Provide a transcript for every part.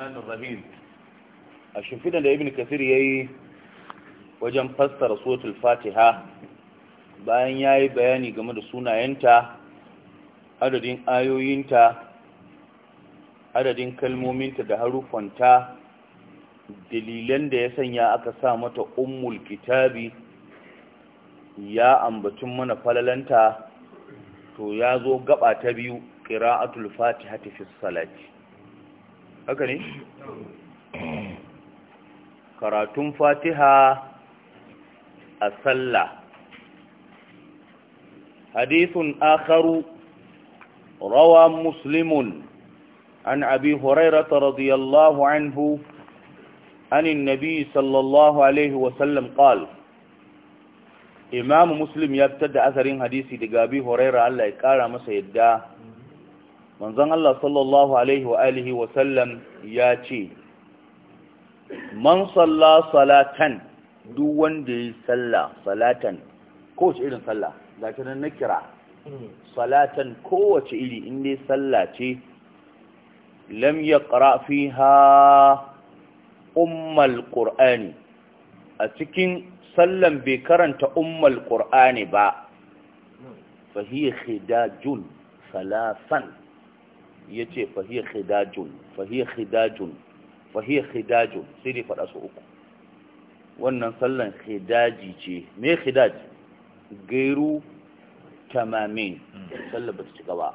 الرحمن الرحيم da ibn kasir yayi wajen fassara suratul fatiha bayan yayi bayani game da sunayenta adadin ayoyinta adadin kalmominta da harufanta dalilan da ya sanya aka sa mata ummul kitabi ya ambaci mana falalanta to ya zo gaba ta biyu qira'atul fatihati fi salati haka ne karatun fatiha a sallah hadithun akharu rawa muslimun an abi hurairata radiyallahu anhu عن النبي صلى الله عليه وسلم ya إمام مسلم hadisi daga حديثي دقابي هريرة الله يقال masa yadda. manzon Allah sallallahu alaihi wa alihi wa sallam ya ce man salla salatan duk wanda yi salla salatan kowace irin salla zaki nan na kira salatan kowace iri in ya salla ce lam yaqra fiha ummal a cikin sallan bai karanta ummal ƙur'ani ba fa hiya salasan ya ce fahiyar khidajun fahiyar khidajun fahiyar khidajun sai dai faɗa su uku wannan sallan khidaji ce me khidaj gairu tamamin sallar ba ta cika ba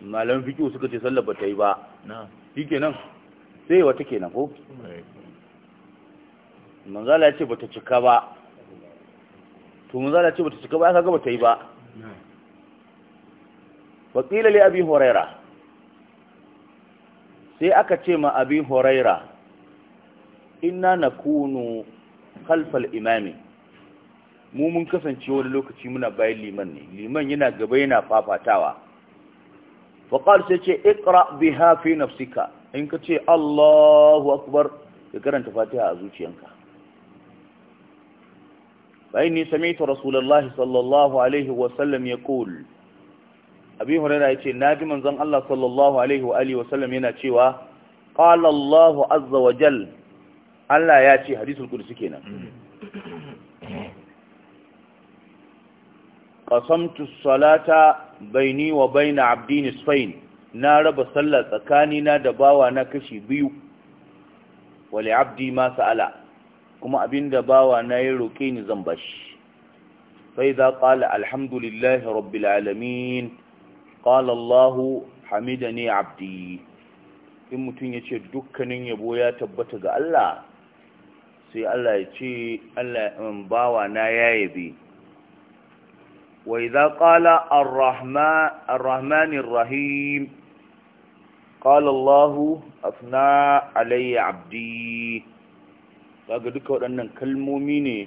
malam fikiyo suka ce sallar ba ta yi ba fi kenan sai wata kenan ko manzala ya ce ba ta cika ba to manzala ya ce ba ta cika ba ya kaga ba ta yi ba wakila li abi huraira sai aka ce ma abi huraira inna nakunu khalfal imami mu mun kasance wani lokaci muna bayan liman ne liman yana gaba yana fafatawa faqal sai ce iqra biha fi nafsika in ka ce Allahu akbar ka karanta fatiha a zuciyarka. فإني Samitu رسول الله صلى الله عليه وسلم يقول abi hurairah na naji manzon Allah sallallahu alaihi wa wasallam yana cewa qala Allah azza wa jal Allah ya ce hadisul qudsi nan. qasamtu salata baini wa baina abdi Spain. na raba sallah tsakanina da bawa na kashi biyu wa abdi ma Ala, kuma abinda bawa na ya roke ni zan bashi fa idza qala alhamdulillahi rabbil alamin qala Allahu hamidani abdi in mutum yace dukkanin yabo ya tabbata ga Allah sai Allah ya ce Allah um, bawa na yayabe wa idza qala ar-rahman ar-rahmanir rahim qala Allah afna alayya abdi kaga duka waɗannan kalmomi ne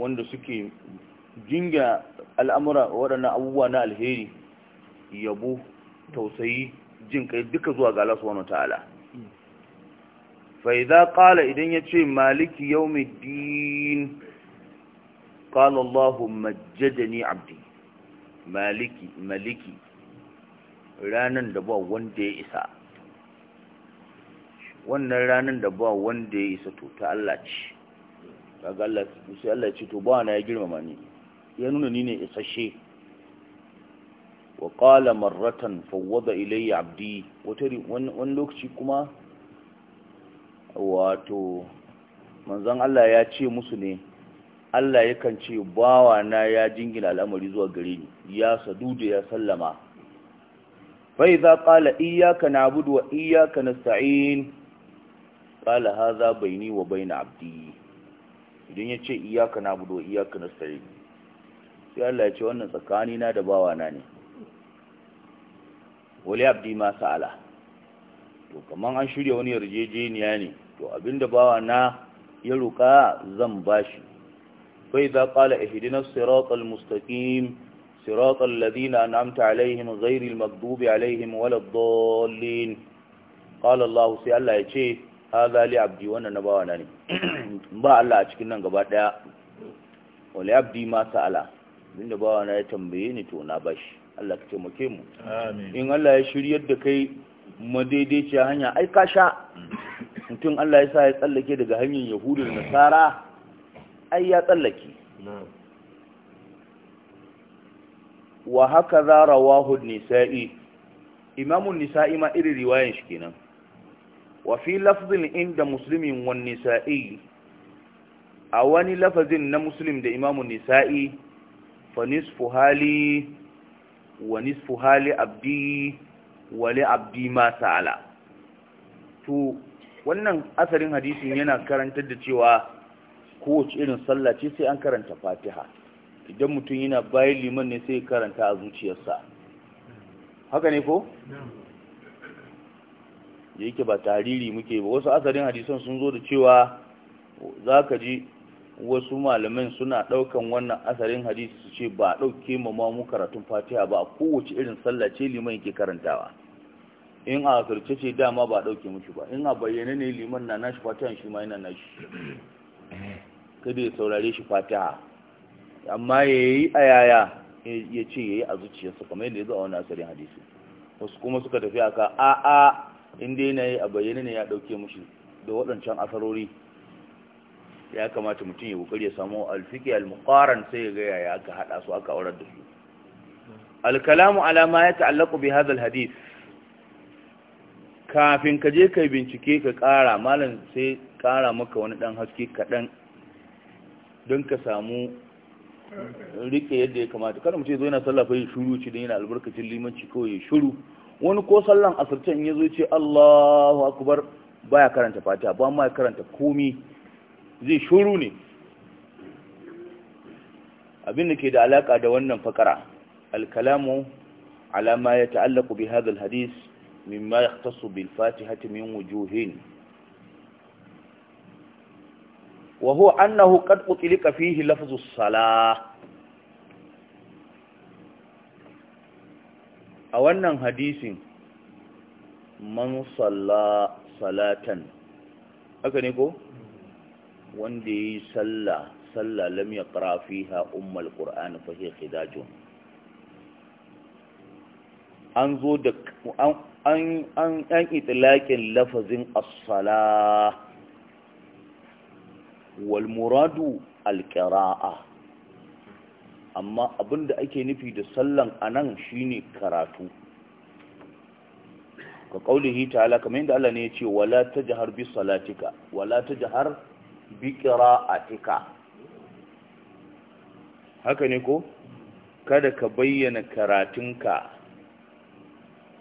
wanda suke jinga al'amura waɗannan abubuwa na alheri yabo tausayi jin kai duka zuwa ga Allah subhanahu wataala fa idza qala idan yace maliki yawmiddin qala allahumma majjadani abdi maliki maliki ranan da ba wanda ya isa wannan ranan da ba wanda ya isa to ta Allah ce kaga Allah sai Allah ce to ba na ya girmama ni ya nuna ni ne isasshe wa ƙala marratan fawwada ilayya abdi wani lokaci kuma wato manzan Allah ya ce musu ne Allah yakan ce bawa na ya jingina al'amari zuwa gare ni ya da ya sallama Fai fa idza qala iyyaka na'budu wa sa'in. Ƙala qala bai ni wa baina abdi idan yace iyyaka na'budu wa na sa'in sai Allah ya ce wannan tsakani na da bawa na ne wali abdi ma sa'ala to kaman an shirya wani yarjejeniya ne to abinda bawa na ya ruka zan bashi fa idza qala ihdinas siratal mustaqim siratal ladina an'amta alaihim ghairil maghdubi alaihim waladdallin qala allah sai allah ya ce hadha li abdi wannan na bawa na ne ba Allah a cikin nan gaba daya wali abdi ma sa'ala abinda bawa na ya tambaye ni to na bashi Allah ka taimake mu in Allah ya shirya da kai madaidaiciya hanya ai ka sha mutum Allah ya sa ya tsallake daga hanyar yahudu da nasara ai ya tsallake wa haka za rawahu nisa'i imamun nisa'i ma irin riwayan shi kenan wa fi lafzin inda muslimin wan nisa'i a wani lafazin na muslim da imamun nisa'i fa nisfu hali wa nisfu hali abdi wa li abdi ma sa'ala to wannan asarin hadisin yana karantar da cewa kowace irin sallah ce sai an karanta fatiha idan mutum yana bayan liman ne sai karanta a zuciyarsa haka ne ko? yake ba tariri muke ba wasu asarin hadisan sun zo da cewa za ka ji wasu malamin suna ɗaukan wannan asarin hadisi su ce ba a ɗauke ma mu karatun fatiha ba kowace irin sallah ce liman ke karantawa in a asirce ce dama ba a ɗauke mushi ba in a bayyane ne liman na nashi fatiha shi ma yana nashi kada ya saurare shi fatiha amma ya yi a yaya ya ce ya yi a zuciyarsa kamar yadda ya zo a wani asarin hadisi wasu kuma suka tafi aka a a inda yana yi a bayyane ne ya ɗauke mushi da waɗancan asarori ya kamata mutum ya kokari ya samu alfiki al-muqaran sai ya ga ya aka hada su aka aurar da su alkalamu ala ma ya ta'allaqu bi hadha al-hadith kafin ka je kai bincike ka kara malam sai kara maka wani dan haske kadan don ka samu rike yadda ya kamata kada mutum ya zo yana sallah fa ya shuru ci dan yana albarkacin limanci kawai ya shuru wani ko sallan asirce in ya zo ce Allahu akbar baya karanta fatiha ba ya karanta komi zai shuru ne abin da ke da alaƙa da wannan fakara alkalamu alama ya ta'allaku bi hadal hadis mimma ya tasu bil fatihati min wujuhin wa huwa annahu qad utlika fihi lafzu salah a wannan hadisin man salla salatan haka ne ko wanda ya yi sallah sallah lam yaqra fi ha umar fa hiya khidajun an zo da an an itlaƙin lafazin asala walmuradu wal amma abinda ake nufi da sallan anan shine karatu ka hita ala kamar yadda Allah ne ya ce wala jihar bi salatika wala ta jihar? bikira a tika haka ne ko kada ka bayyana karatunka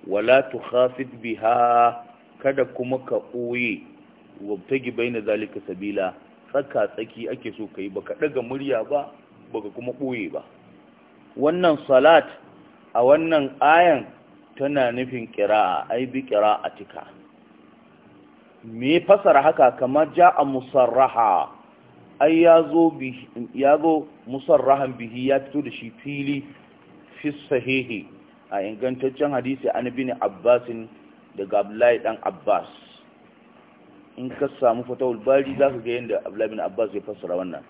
wala tu khafid biha kada kuma ka ɓoye wabtagi baina zalika sabila tsaka tsaki ake so ka baka ɗaga murya ba baka kuma ɓoye ba wannan salat a wannan ayan tana nufin ƙira'a ai bi ƙira'atika me fasara haka kamar ja'a musarraha ai ya zo musarrahan bihi ya fito da shi fili fi sahihi a ingantaccen hadisi an ne abbasin daga abdullahi dan abbas in ka samu fatawul bari za ka ga yadda abdullahi bin abbas ya fasara wannan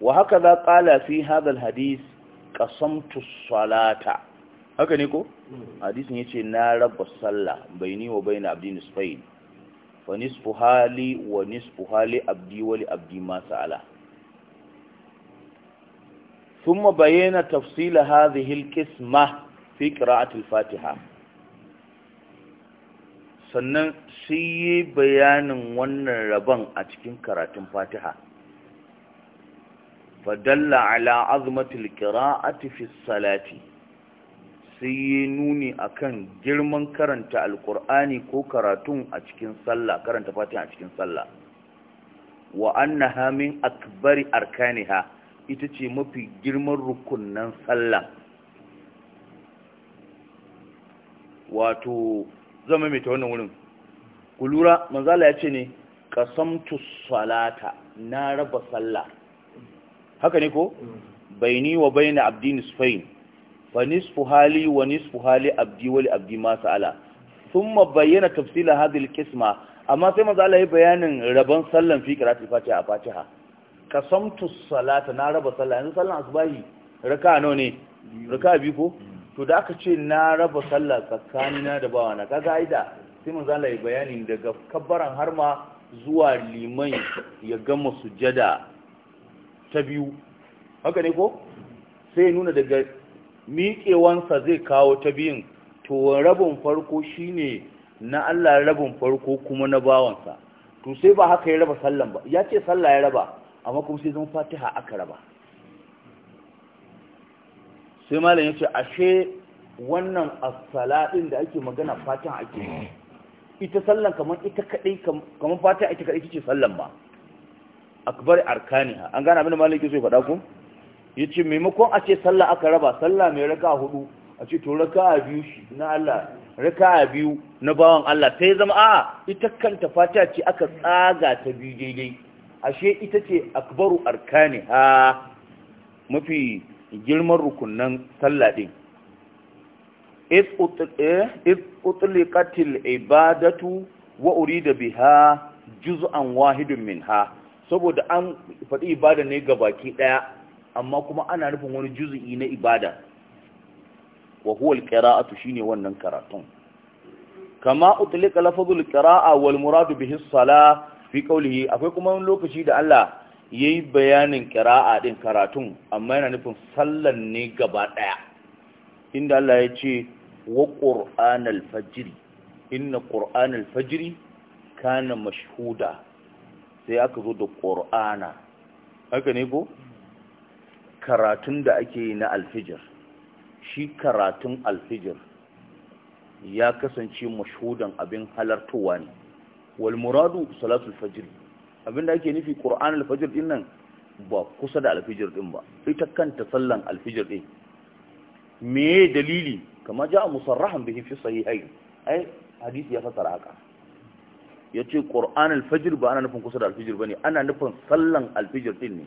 wa haka za ƙala fi hadal hadis kasamtu salata haka ne ko hadisin yace na raba sallah baini wa baina abdi nisfain Wa nisfu hali wa nisfu hali abdi wa abdi ma sa'ala thumma bayyana tafsil hadhihi alqisma fi qira'ati alfatiha sannan shi yi bayanin wannan rabon a cikin karatun fatiha fadalla ala azmatil qira'ati fi salati sai ya nuni a kan girman karanta Alƙur'ani ko karatun a cikin sallah karanta fatin a cikin sallah wa akabari min akbari arkaniha ita ce mafi girman rukunnan sallah wato zama mai ta wannan wurin ku lura manzala ya ce ne kasamtu salata na raba sallah haka ne ko mm. baini wa baina abdini spain fa nisfu hali wa nisfu hali abdi wal abdi ma ala? thumma bayyana tafsila hadhihi Kisma. amma sai manzo Allah ya bayanin rabon sallan fi qira'ati fatiha a fatiha qasamtu salata na raba sallah yanzu sallan asbahi raka nawa ne raka biyu ko to da aka ce na raba sallah tsakanina da bawana kaga aida sai maza Allah ya bayanin daga kabbaran harma zuwa liman ya gama sujada ta biyu haka ne ko sai nuna daga miƙewansa zai kawo ta biyun to rabin farko shine na Allah rabin farko kuma na bawansa to sai ba haka ya raba sallan ba ya ce sallah ya raba amma kuma sai zama fatiha aka raba sai malam ya ce ashe wannan asala da ake magana fatan ake ita sallan kamar ita kaɗai kamar fatan ita kaɗai ce sallan ba akbar arkaniha an gane abin da malam ke so ya faɗa ku ya ce maimakon a ce sallah aka raba sallah mai raka hudu a ce to raka biyu na Allah raka biyu na bawan Allah sai zama a ita kanta fata ce aka tsaga ta biyu daidai ashe ita ce akbaru arkani ha mafi girman rukunan sallah din eh, iz utliqatil ibadatu wa urida biha juz'an wahidun minha saboda an faɗi ibada ne ga baki ɗaya amma kuma ana nufin wani juzu'i na ibada wa huwa alqira'atu shine wannan karatun kama utlika lafazul qira'a wal muradu bihi salah fi qawlihi akwai kuma wani lokaci da Allah yayi bayanin qira'a din karatun amma yana nufin sallan ne gaba daya inda Allah ya ce wa qur'anal fajr inna qur'anal fajr kana mashhuda sai aka zo da qur'ana haka ne ko karatun da ake yi na alfijir shi karatun alfijir ya kasance mashhudan abin halartowa ne wal muradu salatul fajr da ake nufi qur'an alfajr din nan ba kusa da alfijir din ba ita kanta sallan alfijir din me dalili kama ja musarrahan bihi fi sahihayn ai hadisi ya fasara haka yace qur'an alfajr ba ana nufin kusa da alfijir bane ana nufin sallan alfijir din ne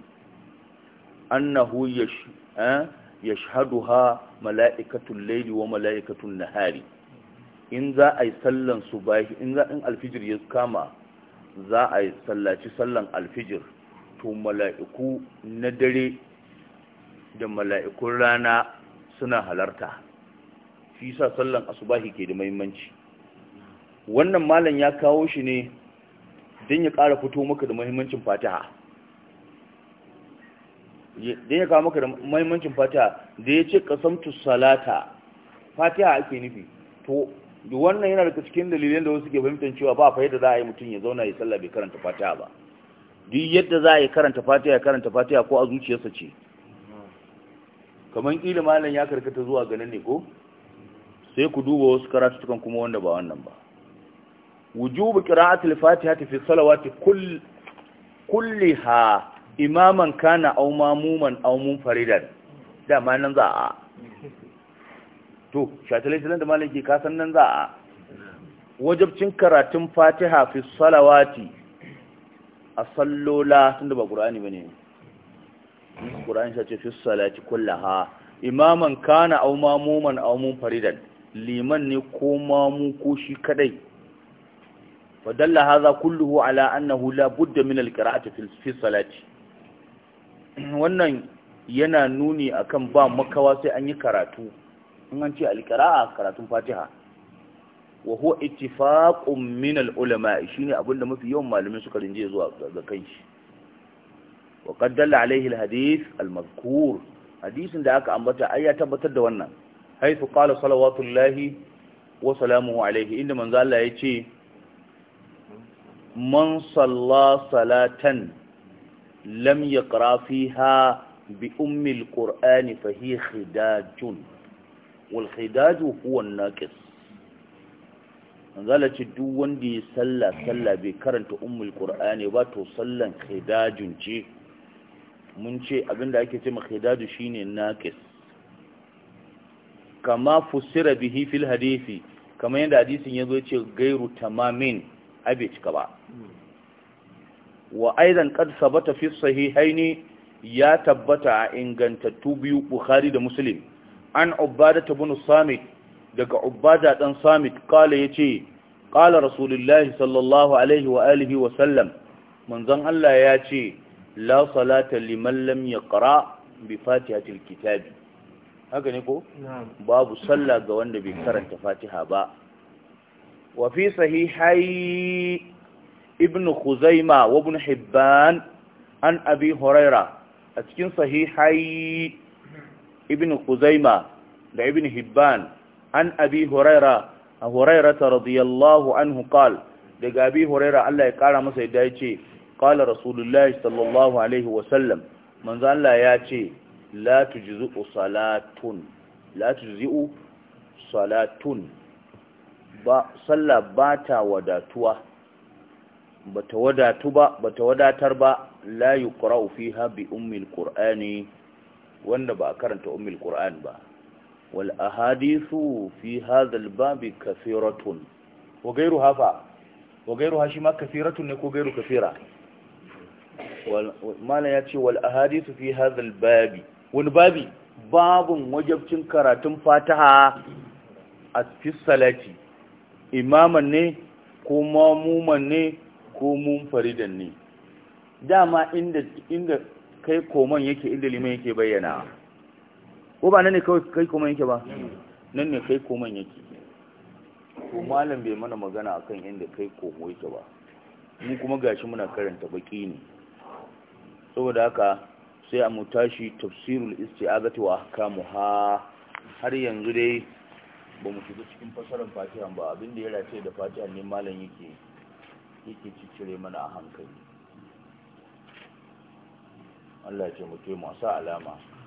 annahu eh, yashhaduha mala'ikatul layli wa mala'ikatul nahari in za a yi sallan subahi in za in alfijir ya kama za a yi sallaci sallan alfijir to mala'iku na dare da mala'ikun rana suna halarta shi sa sallan asubahi ke da muhimmanci wannan malam ya kawo shi ne don ya ƙara fito maka da muhimmancin fatiha da ya kawo maka da mahimmancin fatiha da ya ce kasamtu salata fatiha ake nufi to da wannan yana daga cikin dalilin da wasu ke fahimtar cewa ba fa yadda za a yi mutum ya zauna ya sallah bai karanta fatiha ba duk yadda za a yi karanta fatiha ya karanta fatiha ko a zuciyarsa ce kamar ƙila malam ya karkata zuwa ganin ne ko sai ku duba wasu karatutukan kuma wanda ba wannan ba wujubu qira'atil fatiha fi salawati kull kulliha imaman kana au mamuman au munfaridan dama nan za a to shatalai sanan da malaki ka san nan za a wajabcin karatun fatiha fi salawati a sallola da ba qur'ani ba ne. sai ce fi salati kullaha imaman kana au mamuman au munfaridan liman ne ko mamu ko shi kadai fadalla hadha kulluhu ala annahu la budda min alqira'ati fi salati wannan yana nuni akan ba makawa sai an yi karatu in an ce alƙira'a karatun fatiha wa huwa ittifaqun min al-ulama shine abinda mafi yawan malumin suka rinje zuwa ga kanshi wa qad dalla al-hadith al-mazkur hadisin da aka ambata ai ya tabbatar da wannan haythu qala salawatullahi wa salamuhu alaihi inda manzo Allah yace man salla salatan lam yaqra fiha bi ummi alqur'ani fa hiya khidajun wal khidaju huwa an-naqis manzala duk wanda ya sallah sallah bai karanta ummul qur'ani ba to sallan khidajun ce mun ce abinda ake ce ma khidaju shine naqis kama fusira bihi fil hadisi kamar yadda hadisin yazo ya ce gairu tamamin abe cika ba wa ƙarsa ba ta fi sahihaini ya tabbata a ingantattu biyu buhari da musulun an ubada bunu samit daga ubada ɗan samit kala yace kala rasulullahi sallallahu alaihi wa alihi wa sallam manzon Allah ya ce la salata liman lam yaqra bi fatihatil kitabi haka ne ko babu sallah ga wanda bai karanta fatiha ba wa fi sahihai ibn Khuzaima wa ibn Hibban an Abi Huraira a cikin sahihai ibn Khuzaima da ibn Hibban an Abi Huraira a Huraira ta radiyallahu anhu qal daga Abi Huraira Allah ya kara masa yadda yace qala Rasulullahi sallallahu alaihi wa sallam manzo ya ce la ba sallah bata wadatuwa bata wadatu ba bata wadatar ba la yuqra'u fiha bi ummil qur'ani wanda ba karanta ummil qur'an ba wal ahadithu fi hadha al bab kathiratun wa ghayruha hafa wa ghayruha shi kathiratun ne ko ghayru kathira wal mala yace wal ahadithu fi hadha al bab babi babun wajabcin karatun fataha a fi salati imaman ne ko mamuman ne ko munfaridan ne dama inda inda kai koman yake inda liman yake bayyana ko ba nan ne kai koman yake ba nan ne kai koman yake to malam bai mana magana akan inda kai komo yake ba mu kuma gashi muna karanta baki ne saboda haka sai a mutashi tafsirul isti'azati wa ahkamuha har yanzu dai ba mu shiga cikin fasarar fatihan ba abinda ya race da fatihan ne malam yake yake cicire mana a hankali Allah ce mu masu alama